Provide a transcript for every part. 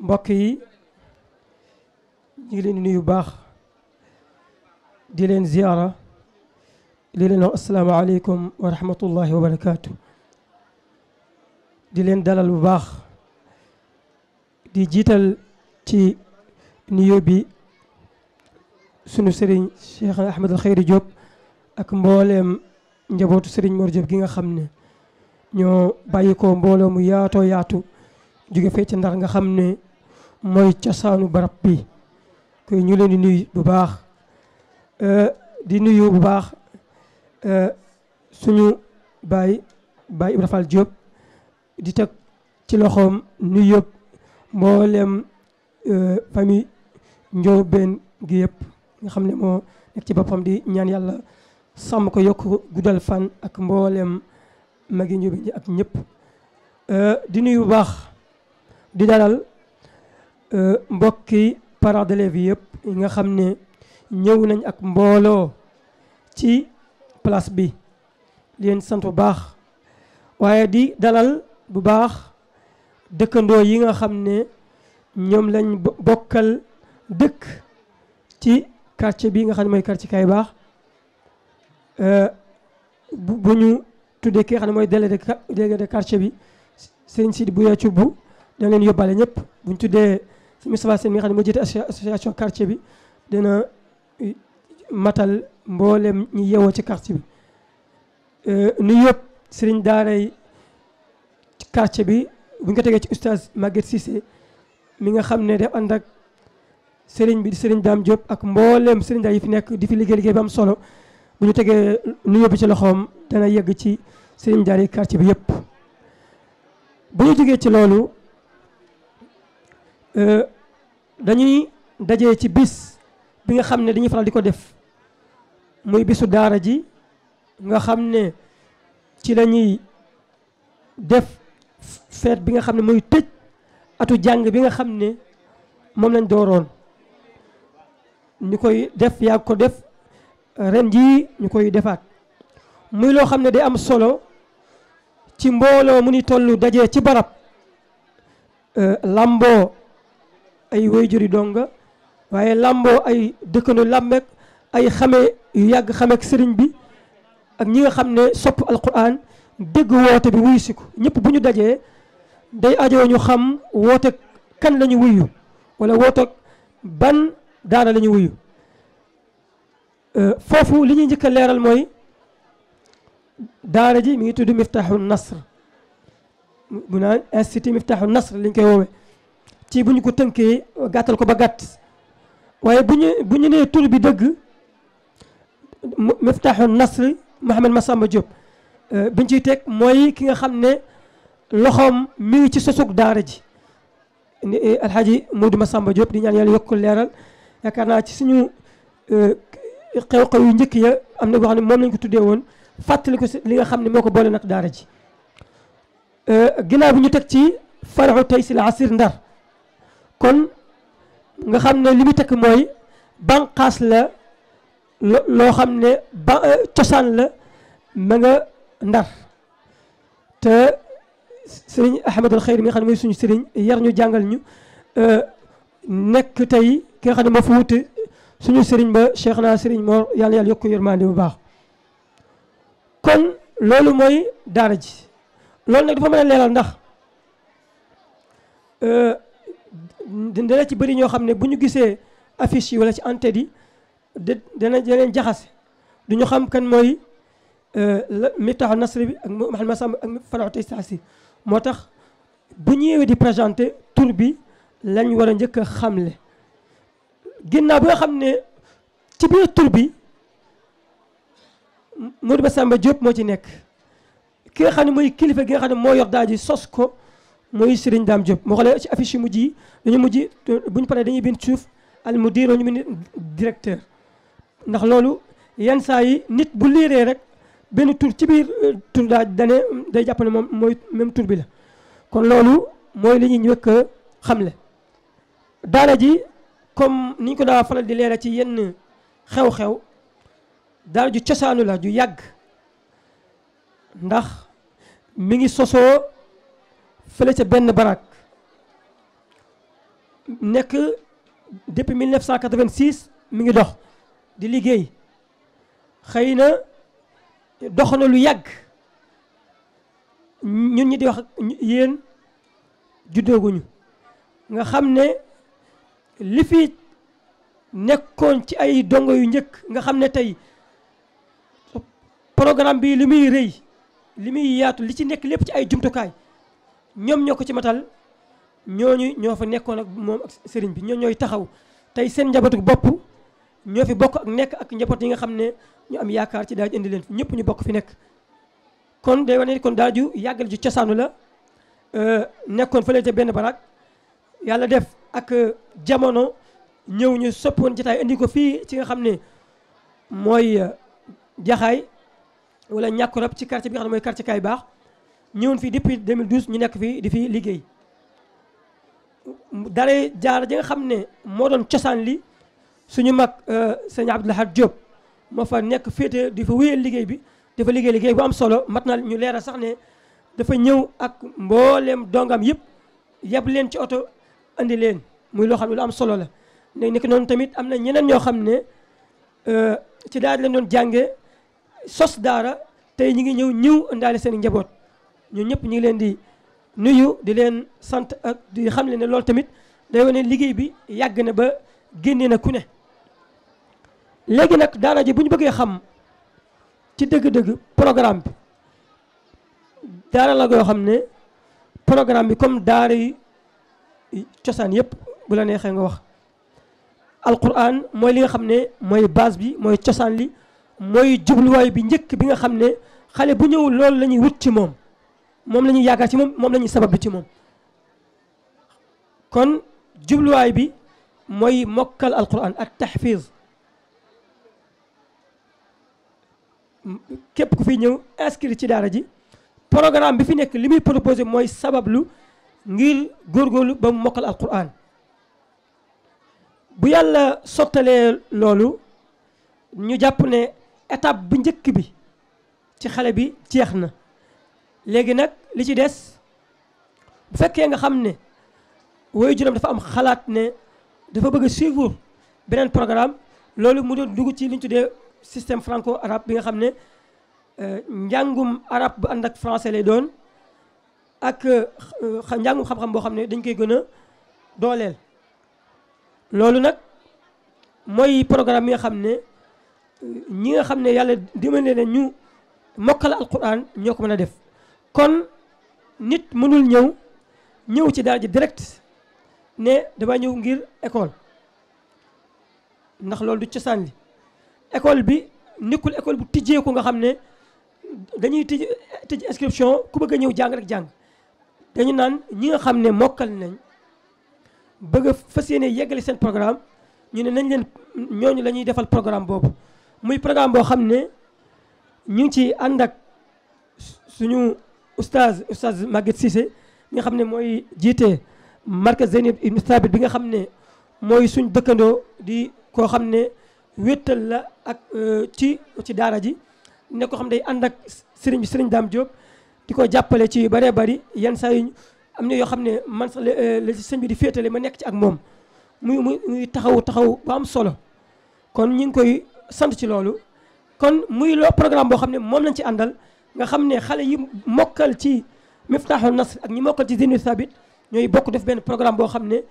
mbokk yi ñu ngi leen di nuyu baax di leen ziyaara di leen wax asalaamaaleykum wa rahmatullahi wa barakaatu di leen dalal bu baax di jiital ci nuyoo bi sunu sëriñ Cheikh Ahmed Al Khayri Diop ak mbooleem njabootu sëriñ Mor Diop gi nga xam ne ñoo bàyyi ko mbooloo mu yaatoo yaatu jóge fee ci Ndar nga xam ne mooy cosaanu barab bi koy ñu leen di nuyu bu baax euh, di nuyu bu baax euh, suñu baay baay Ibra Fall Diop di teg ci loxoom nuyu yëpp mbooleem euh, famille Ndiobène gi yëpp nga xam ni moo nekk ci boppam di ñaan yàlla sàmm ko yokk guddal fan ak mbooleem magi Ndiobène ji ak ñëpp di nuyu bu baax di dalal euh, mbokki parents d'élèves yi yëpp yi nga xam ne ñëw nañ ak mbooloo ci place bi leen sant bu baax waaye di dalal bu baax dëkkandoo yi nga xam ne ñoom lañ bokkal dëkk ci quartier bi nga xam ne mooy quartier kay baax euh, bu ñu tuddee ki nga xam ne mooy délégué de quartier bi sëriñ Sidi Bouya Thioub da ngeen yóbbaale ñëpp bu ñu tuddee si Moustapha Sène mi nga xam ne moo jiite association quartier eh, matal mboolem ñi yeewoo ci quartier bi. Eh, nu yëpp sëriñ daaray quartier bi bu ñu tegee ci oustaz Maguette Cissé mi nga xam ne def ànd ak seriñ bi di sëriñ daam Diop ak mboolem sëriñ daay yi fi nekk di fi liggéey liggéey bi am solo bu ñu tegee nu yóbbu ci loxoom dana yegg ci sëriñ daaray quartier bi yëpp bu ñu jógee ci loolu. Euh, dañuy daje ci bis bi nga xam ne dañuy faral di ko def muy bisu daara ji nga xam ne ci lañuy def feet bi nga xam ne muy tëj atu jàng bi nga xam ne moom lañ dooroon ñu koy def yaa ko def ren jii ñu koy defaat muy loo xam ne day am solo ci mbooloo mu ni toll daje ci barab euh, làmboo ay wayjuri donga waaye làmboo ay dëkkanu làmmeek ay xame yu yàgg xameek sëriñ bi ak ñi nga xam ne sopp alquran dégg woote bi wuyu si ko ñëpp bu ñu dajee day ajoo ñu xam woote kan lañu ñu wuyu wala woote ban daara la ñu wuyu euh, foofu li ñuy njëkka leeral mooy daara ji mi ngi tudd Miftaahul Nasr mu naan institut Miftaahul Nasr liñ koy woowee ci buñ ko tënkee gatal ko ba gat waye buñ buñ né tour bi deug miftahun nasr mohammed Massamba Diop biñ ci tek moy ki nga xamné loxom mi ci sosuk daara ji alxaaji Modou Massamba Diop di ñaan yàlla yokul leral yakarna ci suñu xew-xew yu ñëk ya amna wax ni mom lañ ko tuddé won fatali ko li nga xamné moko bolé nak daara ji ginnaaw bi ñu teg ci faraxu tey si asir ndar kon nga xamne limi tek moy bankas la lo xamne ciosan la ma nga ndar te sëriñ ahmadul khair mi xamne xam suñu serigne yar ñu jàngal ñu euh nek tay ki xamne xam fu moo wuti suñu serigne ba cheikh naa sëriñ moo yàlla yàlla yokku yërmande bu baax kon lolu moy daara lolu nak dafa mëna leral ndax euh dana ci bëri ñoo xam ne bu ñu gisee affiche yi wala ci entête yi de dana danañ jaxase du ñu xam kan mooy euh, Miftahul Nasri bi ak Mouhamed Samb ak Falahou Teysaassi moo tax bu ñëwee di présenté tur bi lañ war a njëkk a xamle ginnaaw bi nga xam ne ci biir tur bi Modou Massamba Diop moo ci nekk ki nga xam ne mooy kilifa gi nga xam ne moo yor daal ji sos ko. mooy Serigne Dame Diop moo xoolee ci affiche yu mujj yi dañu mujj bu ñu paree dañuy bind suuf al mudir ñu bind directeur ndax loolu yenn saa yi nit bu liiree rek benn tur ci biir tur daa dane day jàpp ne moom mooy même tur bi la kon loolu mooy li ñuy ñëkk a xamle daara ji comme ni ko daa faral di leeral ci yenn xew-xew daara ju cosaanu la ju yàgg ndax mi ngi sosoo fële ca benn barak nekk depuis 1986 mi ngi dox di liggéey xëy na dox na lu yàgg ñun ñu di wax yéen juddooguñu nga xam ne li fi nekkoon ci ay dongo yu njëkk nga xam ne tey programme bi li muy rëy li muy yaatu li ci nekk lépp ci ay jumtukaay ñoom ñoo ko ci matal ñooñu ñoo fa nekkoon ak moom ak sëriñ bi ñoo ñooy taxaw tey seen njabootu bopp ñoo fi bokk ak nekk ak njaboot yi nga xam ne ñu am yaakaar ci daaju indi leen ñëpp ñu bokk fi nekk kon day wane yàggal ju cosaanu la euh, nekkoon fële ca benn baraag yàlla def ak euh, jamono ñëw ñu soppoon jataay indi ko fii ci nga xam ne mooy euh, jaxaay wala ñàkkurab ci quartier bi nga xam ne mooy quartier baax ñëwoon fii depuis 2012 ñu nekk fii di fi liggéey daara jaar ji nga xam ne moo doon cosaan li suñu mag euh, sëñ Abdou Lahad Diop moo fa nekk féete di fa wéyal liggéey bi dafa liggéey liggéey bu am solo mat na ñu leeral sax ne dafa ñëw ak mbooleem dongam yëpp yeb leen ci oto indi leen muy loo xam ne lu am solo la ne nekk noonu tamit am na ñeneen ñoo xam ne euh, ci daara leen doon jànge sos daara tey ñu ngi ñëw ñëw indaale seen njaboot ñun ñëpp ñu ngi leen di nuyu di leen sant ak di xam leen ne loolu tamit day wane liggéey bi yàgg na ba génne na ku ne. léegi nag daara ji bu ñu bëggee xam ci dëgg-dëgg programme bi daara la goo xam ne programme bi comme daara yi cosaan yëpp bu la neexee nga wax. alquran mooy li nga xam ne mooy base bi mooy cosaan li mooy jubluwaay bi njëkk bi nga xam ne xale bu ñëw loolu la ñuy wut ci moom. mom lañuy ñuy yaakaar ci mom mom lañuy sabab bi ci mom kon way bi moy mokal alquran ak tahfiz kep ku fi ñëw inscrit ci dara ji programme bi fi nek limuy proposer moy sabab lu ngir gorgolu ba mokal alquran bu yàlla sotale lolu ñu jàpp ne étape bu njëkk bi ci xale bi jeex na léegi nag li ci des bu fekkee nga xam ne woy juróom dafa am xalaat ne dafa bëgg a suivre beneen programme loolu mu doon dugg ci li ñu tuddee système franco arabe bi nga xam ne euh, njàngum arabe bu ànd ak france lay doon ak euh, njàngum xam-xam boo xam ne dañ koy gën a dooleel loolu nag mooy programme yi nga xam ne ñi nga xam ne yàlla dimbali na ñu mokkal alquran ñoo ko mën a def kon nit mënul ñëw ñëw ci daara ji direct ne dama ñëw ngir école ndax loolu du cosaan li école bi nekkul école bu tijjeeku nga xam ne dañuy tij tij inscription ku bëgg a ñëw jàng rek jàng dañu naan ñi nga xam ne mokkal nañ bëgg a fas yéene yeggale seen programme ñu ne nañ leen ñooñu lañuy defal programme boobu muy programme boo xam ne ñu ngi ci ànd ak suñu oustaz oustaz Maguette Cissé mi nga xam ne mooy jiite markaz Zeynab Ibn Thabit bi nga xam ne mooy suñ dëkkandoo di koo xam ne wéttal la ak euh, ci ci daara ji ne ko xam day ànd ak sëriñ bi sëriñ Dame Diop di ko jàppale ci bare bari bëri yenn saa am na yoo xam ne man sax la si euh, sëñ bi di féetale ma nekk ci ak moom muy muy muy taxaw taxaw ba am solo kon ñu ngi koy sant ci loolu kon muy loo programme boo xam ne moom lañ ci àndal nga xamné xalé yi mokal ci Miftahul Nasr ak ñi mokal ci zinu Sabit ñoy bokk def ben programme bo xamné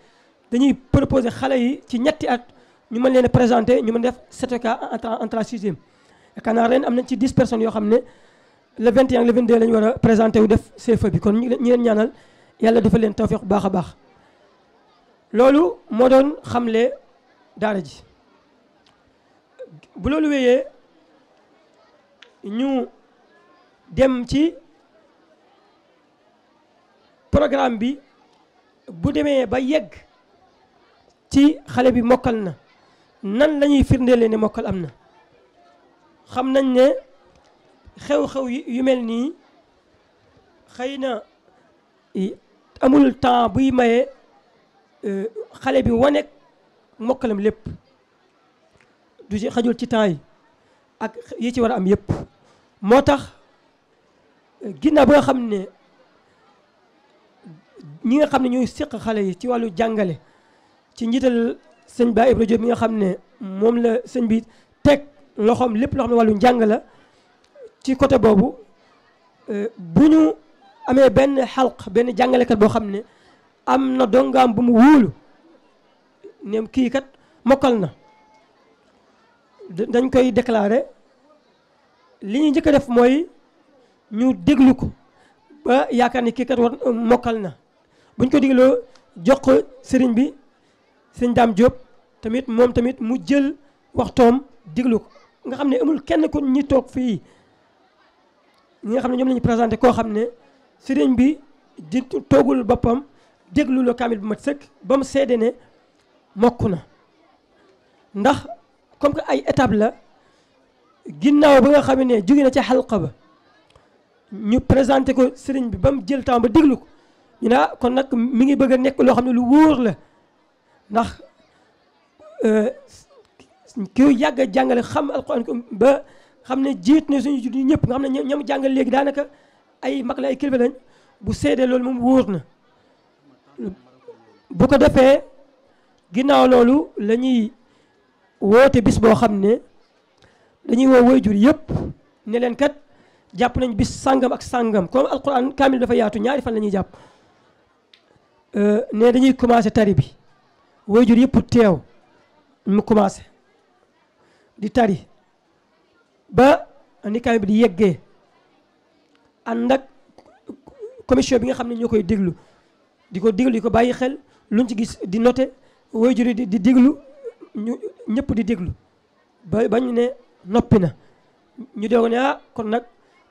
dañuy proposer xalé yi ci ñetti at ñu mën leen présenter ñu mën def CTK en entrant sixième yaakaar naa ren am nañ ci 10 personnes yo xamné le 21 ak le 22 lañ wara présenter wu def CFEE bi kon ñu leen ñaanal yalla dafa leen tawfeex bu baax a baax loolu moo doon xamle daara ji bu lolu wéyé ñu. dem ci programme bi bu démé ba yegg ci xale bi mokal na nan lañuy ñuy firndeele ne mokkal am xam nañ ne xew-xew yu melni xeyna amul temps buy maye xale bi woné mokalam lépp du ci xajul ci temps yi ak yi ci wara am yépp motax ginnaaw ba nga xam ne ñi nga xam ne ñooy seq xale yi ci wàllu jàngale ci njiital sëñ Ba Ibra Diop mi nga xam ne moom la sëñ bi teg loxoom lépp loo ne wàllu njàng la ci côté boobu euh, bu ñu amee benn xalq benn jàngalekat boo xam ne am na dongaam bu mu wóolu neem kii kat mokkal na dañ koy déclarer li ñuy njëkk a def mooy ñu déglu ko ba yaakaar ni kii kat war euh, mokkal na buñ ko dégloo jox ko sëriñ bi sëñ Dame Diop tamit moom tamit mu jël waxtoom déglu ko nga xam ne amul kenn ku ñu toog fii ñi nga xam ne ñoom la ñu présenté koo xam ne sëriñ bi di toogul boppam déglu la kaamil bu ma sëkk ba mu seede ne mokk na ndax comme que ay étape la ginnaaw ba nga xam ne jóge na ca xalqa ba ñu présenté ko sëriñ bi ba mu jël temps ba déglu ko ñu ne ah, kon nag mi ngi bëgg a nekk loo xam ne lu wóor la ndax euh, ki yàgg a jàngale xam alxuraan ba xam ne jiit ne suñu juddu ñëpp nga xam ne ñam jàngal léegi daanaka ay mag la ay kilifa bu seedee loolu moom wóor na bu ko defee ginnaaw loolu la ñuy woote bis boo xam ne dañuy woo waajur yëpp ne leen kat jàpp nañ bis sàngam ak sàngam comme alquran kaamil dafa yaatu ñaari fan la ñuy jàpp euh, ne dañuy commencé tari bi waajur yëpp teew mu commencé di tari ba ni kaamil bi di yeggee ànd ak commission bi nga xam ne ñoo koy déglu di ko déglu di ko bàyyi xel luñ ci gis di noté waajur yi di déglu ñu ñëpp di déglu ba ba ñu ne noppi na ñu doog ne ah kon nag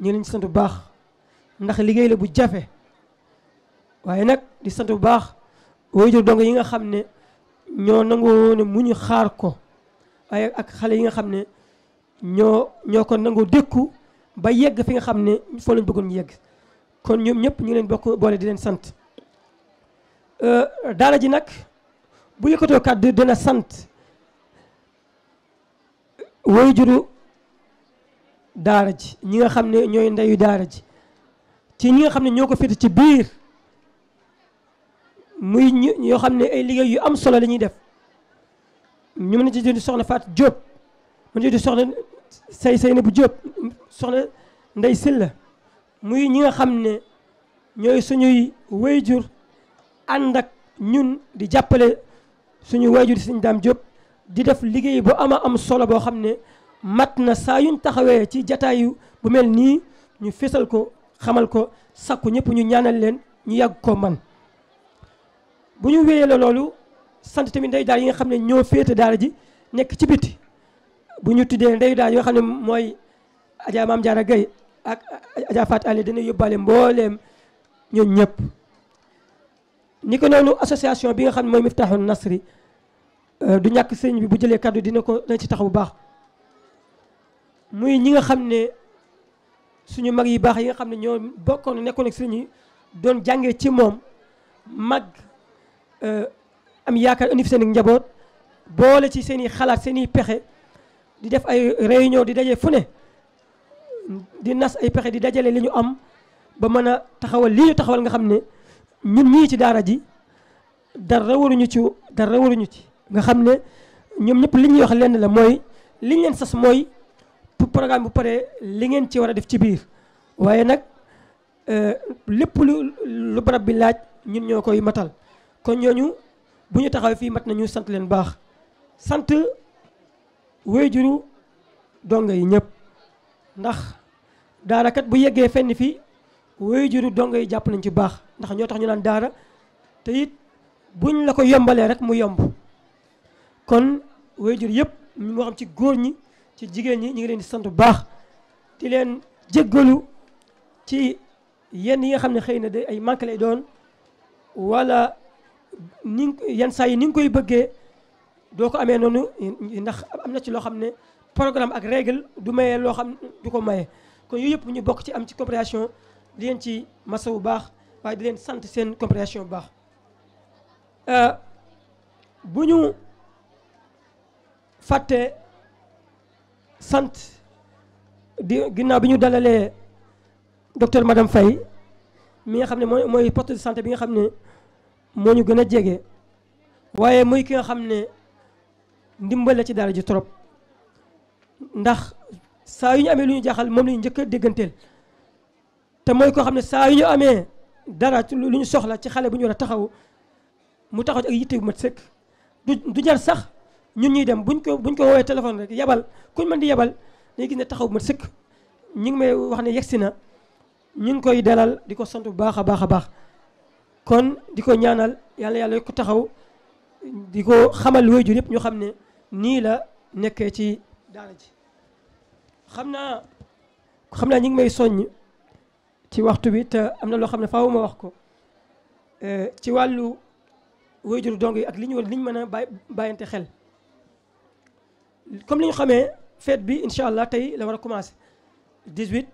ñu leen sant bu baax ndax liggéey la bu jafe waaye nag di sant bu baax waajur dong yi nga xam ne ñoo nangoo ne mu ñu xaar ko waaye ak xale yi nga xam ne ñoo ñoo ko nangoo dékku ba yegg fi nga xam ne foo lañ bëggoon ñu yegg kon ñoom ñëpp ñu leen bokk boole di leen sant euh, daara ji nag bu yëkkatoo kàddu dina sant waajuru daara ji ñi nga xam ne ñooy ndeyu daara ji ci ñi nga xam ne ñoo ko féete ci biir muy ñu ñoo xam ne ay liggéey yu am solo lañuy def ñu mën ci di soxna Fatou Diop mu ci di soxna say sayna bu Diop soxna Ndey Silla muy ñi nga xam ne ñooy suñuy wayjur ànd ak ñun di jàppale suñuy wayjur jur suñu daam Diop di def liggéey bu ama am solo boo xam ne mat na saa yuñ taxawee ci jataayu bu mel nii ñu fésal ko xamal ko sakku ñëpp ñu ñaanal leen ñu yàgg ko man bu ñu wéyee la loolu sant tamit ndey daal yi nga xam ne ñoo féete daal ji nekk ci biti bu ñu tuddee ndey daal yoo xam ne mooy Adja Maam Jaara Gay ak Adja Fat Ali dana yóbbaale mbooleem ñoom ñëpp ni ko noonu association bi nga xam ne mooy Miftahul Nasri euh, du ñàkk sëñ bi bu jëlee kàddu dina ko dina ci taxaw bu baax muy ñi nga xam ne suñu mag yi baax yi nga xam ne ñoo bokkoon nekkoon ak sëriñ yi doon jàngee ci moom mag euh, am yaakaar indi fi seen njaboot boole ci seen i xalaat seen i pexe di def ay réunion di daje fu ne di nas ay pexe di dajale li ñu am ba mën a taxawal lii ñu taxawal nga xam ne ñun ñii ci daara ji dara waruñu ci dara waruñu ci nga xam ne ñoom ñëpp li ñuy wax lenn la mooy liñ leen sas mooy bu programme bu paré li ngeen ci wara def ci biir nak euh lepp lu lu barab bi laaj ñun ñoko yu matal kon ñooñu bu ñu taxaw fi mat nañu sante leen baax sante wayjuru donga yi ñep ndax daara kat bu yeggé fenn fi wayjuru donga yi japp nañ ci baax ndax ñoo tax ñu naan daara te yit buñ la ko yombalé rek mu yomb kon wayjuru yep mu xam ci ñi ci jigéen ñi ñu ngi leen di sant bu baax di leen jéggalu ci yenn yi nga xam ne xëy na de ay manque lay doon wala ni yenn saa yi ni nga koy bëggee doo ko amee noonu ndax am na ci loo xam ne programme ak règle du maye loo xam du ko maye kon yooyu yëpp ñu bokk ci am ci compréhension di leen ci masa bu baax waaye di leen sant seen compréhension bu baax euh, bu ñu fàtte sant di ginnaaw bi ñu dalalee docteur madame Faye mi nga xam ne mooy mooy poste de santé bi nga xam ne moo ñu gën a jege waaye ndimbal la ci daara ji trop ndax saa yu ñu amee lu ñu jaaxal moom la ñu njëkk te mooy koo xam ne yu ñu amee dara lu ñu soxla ci xale bu ñu war taxaw mu taxaw ak yitte bu mat sëkk du jar sax. ñun ñuy dem buñ ko bu buñ ko woowee téléphone rek yebal kuñ mën di yebal dañuy gis ne taxaw ma sëkk ñu ngi may wax ne yegsi na ñu ngi koy dalal di ko sant bu baax a baax a baax kon di ko ñaanal yàlla yàlla ko taxaw di ko xamal waajur yëpp ñu xam ne nii la nekkee ci daana ji xam naa xam naa ñu ngi may soññ ci waxtu bi te am na loo xam ne faaw ma wax ko eh, ci wàllu waajur dong yi ak li ñu war li ñu mën a bàyyante xel comme li ñu xamee fête bi incha allah tey la war a commencé 18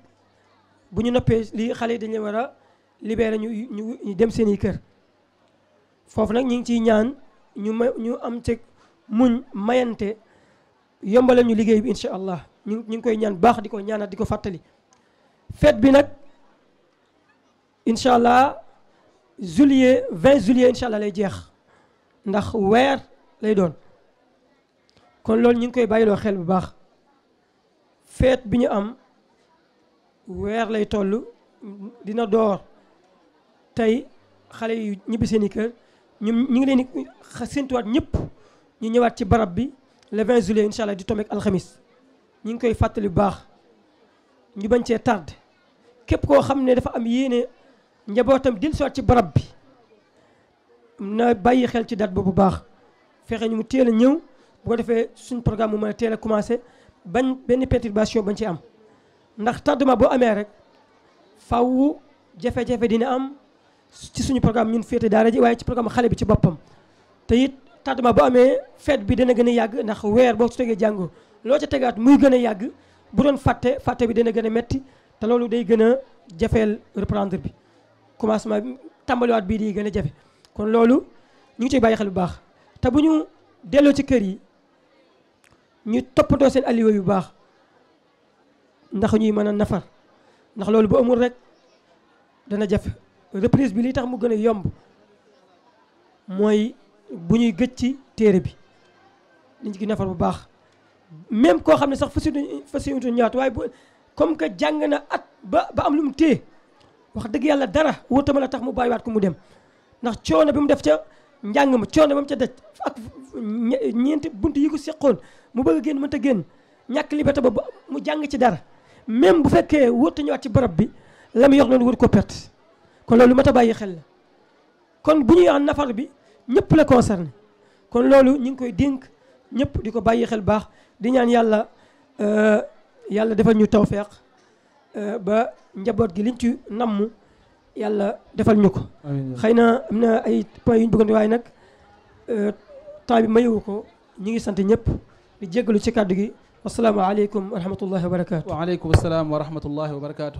bu ñu noppee lii xale yi dañu war a libéré ñu ñu dem seen i kër foofu nag ñu ngi ciy ñaan ñu ma ñu am ci muñ mayante yombale ñu liggéey bi incha allah ñu ngi koy ñaan baax di ko ñaanal di ko fàttali. fête bi nag incha allah juillet 20 juillet incha allah lay jeex ndax weer lay doon. kon loolu ñu ngi koy bàyyiloo xel bu baax feet bi ñu am weer lay toll dina door tey xale yu ñibbi seen i kër ñu ñu ngi leen di séntuwaat ñëpp ñu ñëwaat ci barab bi le 20 juillet incha allah di tombé ak alxamis ñu ngi koy fàttali bu baax ñu bañ cee tardé képp koo xam ne dafa am yéene njabootam dil soit ci barab bi na bàyyi xel ci date boobu bu baax fexe ñu mu teel a ñëw. boo defee suñ programme mu mën a teel commencé bañ benn perturbation bañ ci am ndax tardement boo amee rek faaw jafe-jafe dina am ci suñu programme ñun féete daara ji waaye ci programme xale bi ci boppam te it tardement boo amee feet bi dana gën a yàgg ndax weer boo ci tegee jàngoo loo ci tegaat muy gën a yàgg bu doon fàtte fàtte bi dana gën a metti te loolu day gën a jafeel reprendre bi commencement tàmbaliwaat bii di gën a jafe kon loolu ñu ngi ciy bu baax te bu ñu delloo ci kër yi ñu toppatoo seen aliwa yu baax ndax ñuy mën a nafar ndax loolu bu amul rek dana jafe reprise bi li tax mu gën a yomb mooy bu ñuy gëj ci téere bi dañ ci nafar bu baax même koo xam ne sax fas fasiutu ñaatu waaye bu comme que jàng na at ba ba am lu mu téye wax dëgg yàlla dara wóota mën a tax mu bàyyiwaat ko mu dem ndax coono bi mu def ca njàng ma coono ba mu ca daj ak ñeenti bunt yi ko seqoon mu bëgg a génn mënta génn ñàkk liberté ba mu jàng ci dara même bu fekkee wóotu ñëwaat ci barab bi la mu yor noonu wër ko perte kon loolu mat a bàyyi xel la kon bu ñuy wax nafar bi ñëpp la concerné kon loolu ñu ngi koy dénk ñëpp di ko bàyyi xel baax di ñaan yàlla euh, yàlla defal ñu tawfeex euh, ba njaboot gi liñ ci namm yàlla defal ñu ko. xëy na am na ay points yu ñu bëggoon waaye nag euh, temps bi mayewu ko ñu ngi sant ñëpp di jéggalu ci kàddu gi wasalaamaaleykum wa rahmatullahi wa barakaatu. salaam wa rahmatullahi wa barakaatu.